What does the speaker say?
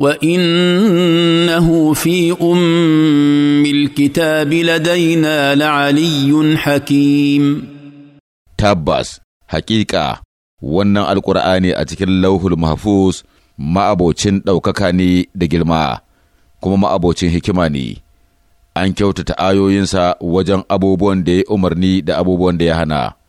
وانه في ام الكتاب لدينا لعلي حكيم تبس حقيقه wannan alkur'ani a cikin lauhul mahfuz ma'abocin ɗaukaka ne da girma kuma ma'abocin hikima ne an kyautata ayoyinsa wajen abubuwan da ya umarni da abubuwan da ya hana